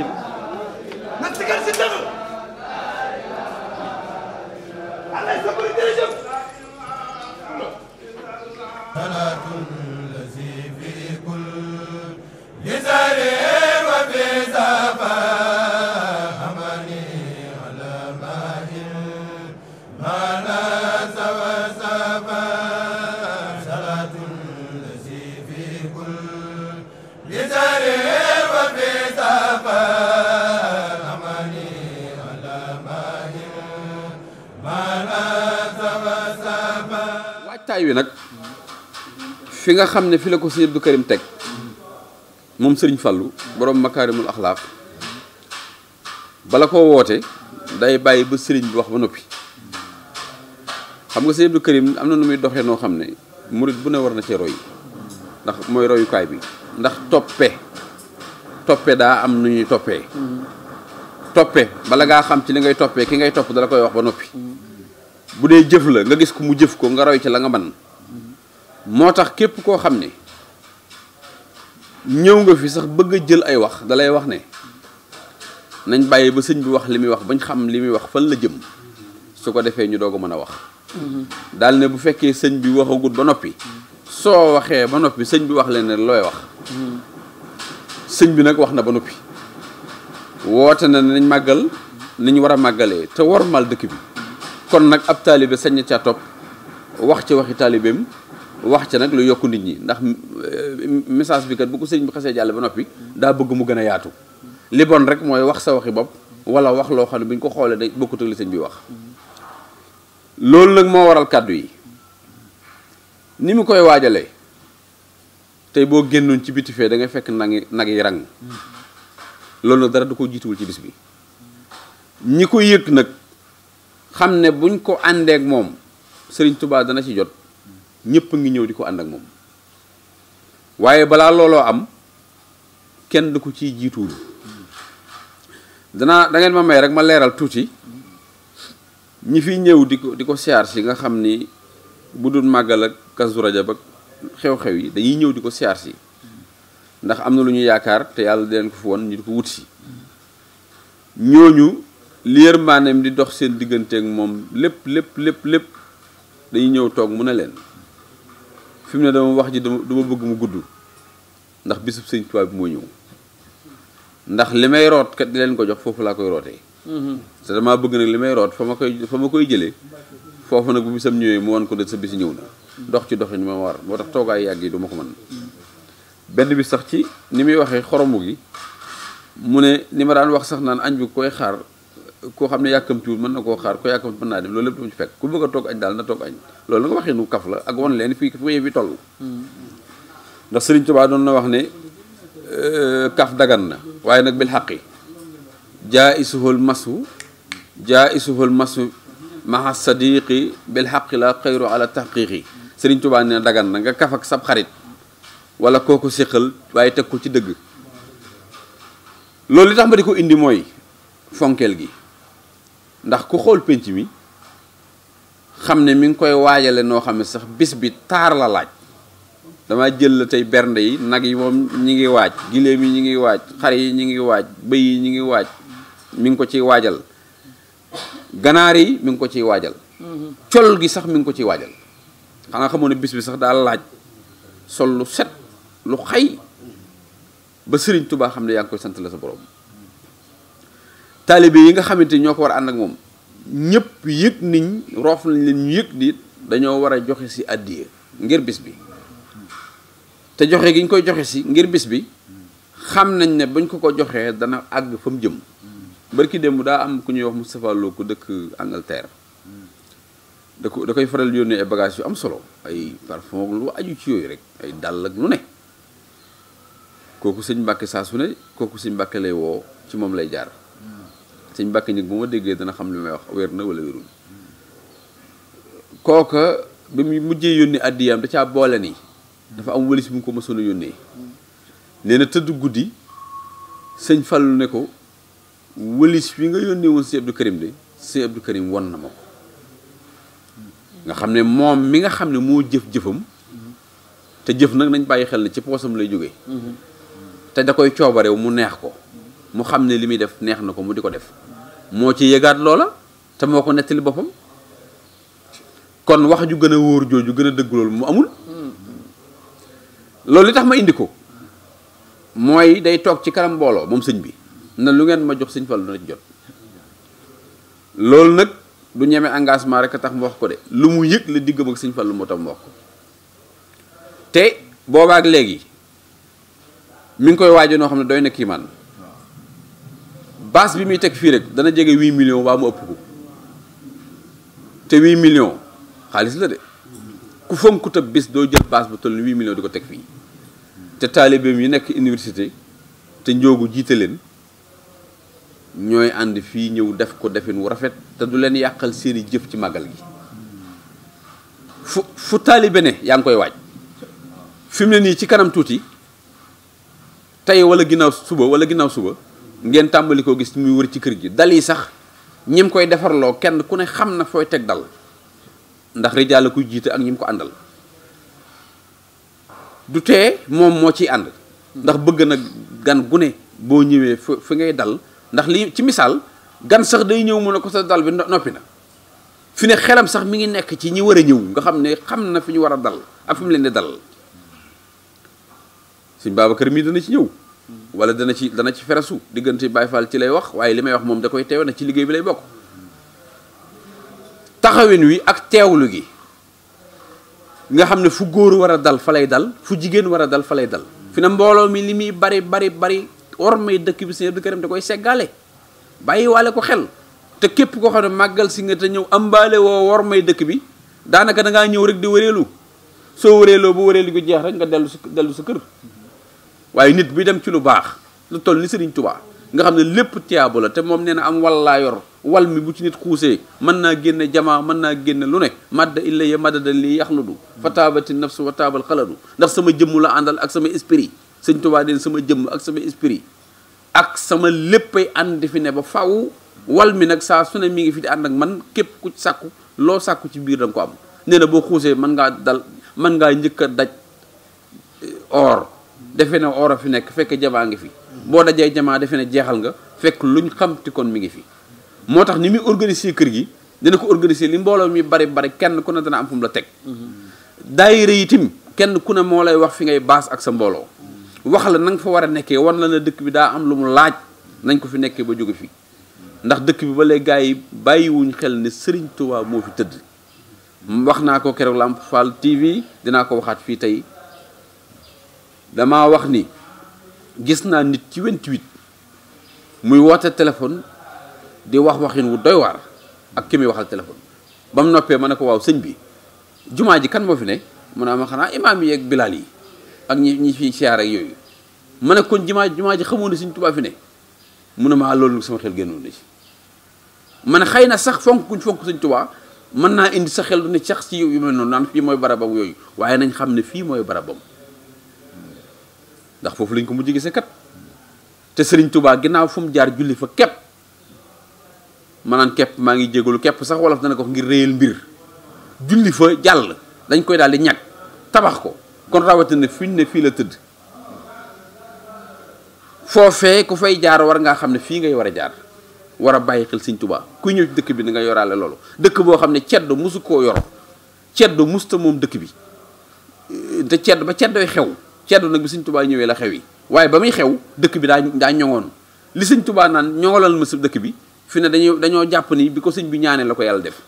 Khadim nag si gën si dëgg allez sa bëri jërëjëf taxawaay nag fi nga xam ne fi la ko sëñ Abdou Karim teg moom sëriñ Fallou borom makaarimul axlaaq bala koo woote day bàyyi ba sëriñ bi wax ba noppi xam nga sëñ Abdou Karim am na nu muy doxee noo xam ne murit bu ne war na cee roy ndax mooy royukaay bi ndax toppe toppe daa am nu ñuy toppe mm-hmm. toppe bala ngaa xam ci li ngay toppe ki ngay topp dala koy wax ba noppi mm-hmm. bu dee jëf la nga gis ko mu jëf ko nga roy ci la nga man moo tax képp koo xam ne ñëw nga fi sax bëgg a jël ay wax dalay wax ne nañ bàyyi ba sëñ bi wax li muy wax bañ xam li muy wax fan la jëm su ko defee ñu doog a mën a wax daal bu fekkee sëñ bi waxagut ba noppi soo waxee ba noppi sëñ bi wax leen ne looy wax sëñ bi nag wax na ba noppi woote na nañ màggal nañ war a màggalee te wormal dëkk bi kon nag ab taalibe sañ na caa topp wax ci waxi taalibeem wax ca nag lu yokk nit ñi ndax eh, message bi kat bu ko sëriñ bi xasee jàll ba noppi daa bëgg mu gën a yaatu li bon rek mooy wax sa waxi bopp wala wax loo xam ne bu ñu ko xoolee day bokkut ak li sëñ bi wax loolu nag moo waral kàddu yi ni mu koy waajalee tey boo génnoon ci biti dangay fekk nag nag yi rang loolu nag dara du ko jiituwul ci bis bi ñi ko yëg nag xam ne buñ ko àndeek moom sëriñ tubaa dana ci jot ñëpp a ngi ñëw di ko ànd ak moom waaye balaa looloo am kenn du ko ciy jiituwul danaa dangeen ma may rek ma leeral tuuti ñi fi ñëw di ko di ko siyaar si nga xam ni bu dul màggal ak kazu rajab ak xew-xew yi dañuy ñëw di ko siyaar si ndax am na lu ñu yaakaar te yàlla di ko fi woon ñu di ko wut si ñooñu li yërmaaneem di dox seen digganteeg moom lépp lépp lépp lépp dañuy ñëw toog mu ne leen fi mu ne dama wax ji dama dama bëgg mu gudd ndax bisub sëñ Tuubaa bi moo ñëw ndax li may root kat di leen ko jox foofu laa koy rootee mm-hmm. te damaa bëgg nag li may root fa ma koy fa ma koy jëlee foofu nag bu bisam ñëwee mu wan ko de sa bis ñëw na dox ci doxin ma war moo tax toogaay yàgg yi duma ko mën benn bi sax ci ni muy waxee xoromu gi mu ne ni ma daan wax sax naan añ bi koy xaar koo xam ne yàkkamtiwul mën na koo xaar ko yàkkamti mën naa def loolu lépp dama ci fekk ku bëgg a toog añ daal na toog añ loolu nga waxee nu kaf la ak wan leen fii fu yëfi toll ndax Sëriñ Tuubaa doon na wax ne euh, kaf dagan na waaye nag bil xaqi jaa isuhul masu jaa isuhul masu maha sadiqi bil ala taxqiqi Sëriñ Tuubaa ne dagan na nga kaf ak sab xarit wala kooku séqal waaye teg ko ci dëgg loolu li tax ma di ko indi mooy fonkeel gi ndax ku xool pénc mi xam ne mi ngi koy waajale noo xam ne sax bis bi taar la laaj dama jël la tey bernde yi nag yi moom ñi ngi waaj giléem yi ñi ngi waaj xar yi ñi ngi waaj bëy yi ñi ngi waaj mi ngi ko ci waajal ganaar yi mi ngi ko ciy waajal col gi sax mi ngi ko ciy waajal xanaa xamoon ne bis bi sax daal laaj sol lu set lu xay ba sëriñ Tuubaa xam ne yaa ngi koy sant la sa borom taalibe yi nga xamante ñoo ko war a ànd ak moom ñëpp yëg niñ roof nañ leen ñu yëg nit dañoo war a joxe si addiye ngir bis bi te joxe gi ñu koy joxe si ngir bis bi xam nañ ne bañ ko ko joxee dana àgg fa mu jëm barki démb daa am ku ñuy wax Moustapha Lo ku dëkk Angleterre da ko da koy faral yónnee ay bagages yu am solo ay parfum ak lu aju ci yooyu rek ay dàll ak lu ne kooku sëñ Mbàkke saa su ne kooku sëñ Mbàkke lay woo ci moom lay jaar sëñ Mbàkke ñi bu ma déggee dana xam li may wax wér na wala wérul kooka bi mu mujjee yónni àddiyaam da caa boole nii dafa am wëlis bu mu ko mësoon a yónnee nee na tëdd guddi sëñ Fallu ne ko wëlis bi nga yónnee woon sëñ Abdou Karim de sëñ Abdou Karim won na ma ko nga xam ne moom mi nga xam ne moo jëf jëfam te jëf nag nañ bàyyi xel ne ci poosam lay jóge mm-hmm. te da koy coobarew mu neex ko mu xam ne li muy def neex na ko mu di ko def moo ci yëgaat loola te moo ko nettali boppam kon wax ju gën a wóor jooju gën a dëgg loolu mu amul loolu li tax ma indi ko mooy day toog ci kanam mbooloo moom sëñ bi na lu ngeen ma jox sëñ Fallu dana ci jot loolu nag du ñeme engagement rek a tax mu wax ko de lu mu yëg la diggam ak sëñ Fallu moo tax mu wax ko te boobaak léegi mi ngi koy waajo noo xam ne doy na kiimaan base bi muy teg fii rek dana jege 8 millions waa mu ëpp ko te 8 millions xaalis la de ku fonk tëb bis doo jël base bu toll ni 8 millions di ko teg fii te taalibeem yi nekk université te njoogu jiite leen ñooy ànd fii ñëw def ko defin wu rafet te du leen yàqal seeni jëf ci màggal gi fu fu taalibe ne yaa ngi koy waaj fi ne nii ci kanam tuuti tey wala ginnaaw suba wala ginnaaw suba ngeen tàmbali koo gis muy wër ci kër gi dal yi sax ñim koy defarloo kenn ku ne xam na fooy teg dal ndax rijaal la koy jiite ak ñim ko àndal du tee moom moo ciy ànd ndax bëgg na gan gu ne boo ñëwee fi ngay dal ndax li ci misaal gan sax day ñëw mu ne ko sa dal bi noppi na fi ne xelam sax mi ngi nekk ci ñi war a ñëw nga xam ne xam na fi ñu war a dal ak fi leen di dal suñ kër mii dana ci ñëw wala dana ci dana ci ferasu diggante Baye Fall ci lay wax waaye li may wax moom da koy teewe na ci liggéey bi lay bokk taxawin wi ak teewlu gi nga xam ne fu góor war a dal fa lay dal fu jigéen war a dal fa lay dal fi na mbooloo mi li muy bari bari bari or may dëkk bi seen Karim da koy seggaale bàyyi waale ko xel te képp koo xam ne màggal si nga te ñëw ambaale woo war may dëkk bi daanaka da ngaa ñëw rek di wëreelu soo wëreeloo bu wëreelu gi jeex rek nga dellu si dellu sa kër waaye nit bi dem ci lu baax lu toll ni Serigne Touba nga xam ne lépp tiyaabu la te moom nee na am wal laa yor wal mi bu ci nit xuusee mën naa génne jamaa mën naa génne lu ne madda illa ya madada lii yaxludu fa taabati nafsu wa taabal xaladu ndax sama jëmm la àndal ak sama esprit Serigne Touba neen sama jëmm ak sama esprit ak sama léppay ànd fi ne ba faw wal mi nag saa su ne mi ngi fii di ànd ak man képp ku sàkku loo sàkku ci biir da ko am nee boo xuusee mën ngaa dal mën ngaa njëkk a daj eh, or defe ne or a fi nekk fekk jamaa ngi fi boo dajee jamaa defe ne jeexal nga fekk luñ xam ti kon mi ngi fi moo tax ni muy organiser kër gi dina ko organiser li mbooloo mi bari bari kenn ku na dana am fum la teg daayira itam kenn ku ne moo lay wax fi ngay baas ak sa mbooloo wax la na nga fa war a nekkee wan la na dëkk bi daa am lu mu laaj nañ ko fi nekkee ba jóge fi ndax dëkk bi ba léegi gars yi bàyyiwuñ xel ne sëriñ Touba moo fi tëdd wax naa ko keroog Lamp Fall TV dinaa ko waxaat fii tey dama wax ni gis naa nit ci 28 muy woote téléphone di wax waxin wu doy waar ak ki muy waxal téléphone ba mu noppee ma ne ko waaw sëñ bi jumaa ji kan moo fi ne mu a ma xanaa imaam yi ak ak ñi ñi fi siyaar ak yooyu ma ne kon jumaa ji xamoon na suñ fi ne mu ne maa ah, loolu sama xel génnoon na ci man xëy na sax fonk kuñ fonk suñ Tuubaa mën naa indi sa xel ni ne sax ci yi ma noonu naan fii mooy barabam yooyu waaye nañ xam ne fii mooy barabam ndax foofu lañ ko mujj gisee kat te Serigne tubaa ginnaaw fu mu jaar julli fa képp maanaam képp maa ngi jégalu képp sax wolof ne ko ngir réyal mbir julli fa jàll dañ koy daal di ñag tabax ko kon rawatina fi ñu ne fii la tëdd foofee ku fay jaar war ngaa xam ne fii ngay war a jaar war a bàyyi xel Serigne tubaa kuy ñëw dëkk bi da nga yoraale loolu dëkk boo xam ne ceddo mosu koo yor ceddo musta moom dëkk bi te cedd ba ceddooy xew ceddu nag bi sëñ tubaa ñëwee la xew yi waaye ba muy xew dëkk bi daa daa ñoŋoon li sëñ tubaa naan ñoŋolal ma si dëkk bi fi ne dañoo dañoo jàpp ni bi ko sëñ bi ñaanee la ko yàlla def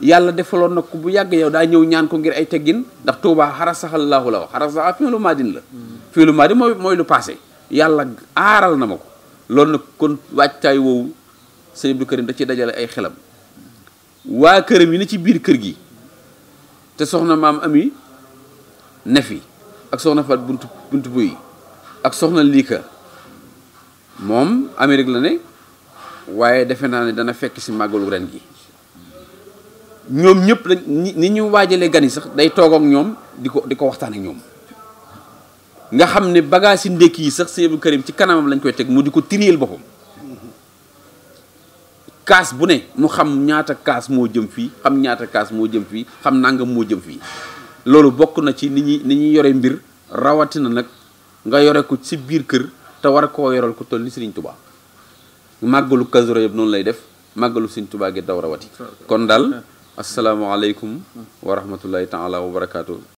yàlla defaloon nag ko bu yàgg yow daa ñëw ñaan ko ngir ay teggin ndax tuubaa xarasaxal laahu la wax xarasaxa fii lu maadin la fii lu maadin mooy mooy lu passé yàlla aaral na ma ko loolu nag kon waajtaay woowu sëñ Abdou Karim da ci dajale ay xelam waa këram yi ne ci biir kër gi te soxna maam ami ne fi ak soxna Fat buntu buntu buy ak soxna lii ka moom Amérique la ne waaye defe naa ne dana fekk si màggalu ren gi ñoom ñëpp la ni ñuy waajalee gan yi sax day toog ak ñoom di ko di ko waxtaan ñoom nga xam ne bagage si ndékki yi sax sëñ Abdou Karim ci kanamam lañ koy teg mu di ko tiriyeel boppam kaas bu ne mu xam ñaata kaas moo jëm fii xam ñaata kaas moo jëm fii xam nangam moo jëm fii loolu bokk na ci ni ñi ni ñuy yore mbir rawatina nag nga yore ko ci biir kër te war koo yoral ko toll ni Serigne Touba màggalu Kazu Rajab noonu lay def màggalu Serigne Touba gi daw rawati kon daal asalaamaaleykum wa rahmatullahi taala wa barakaatu.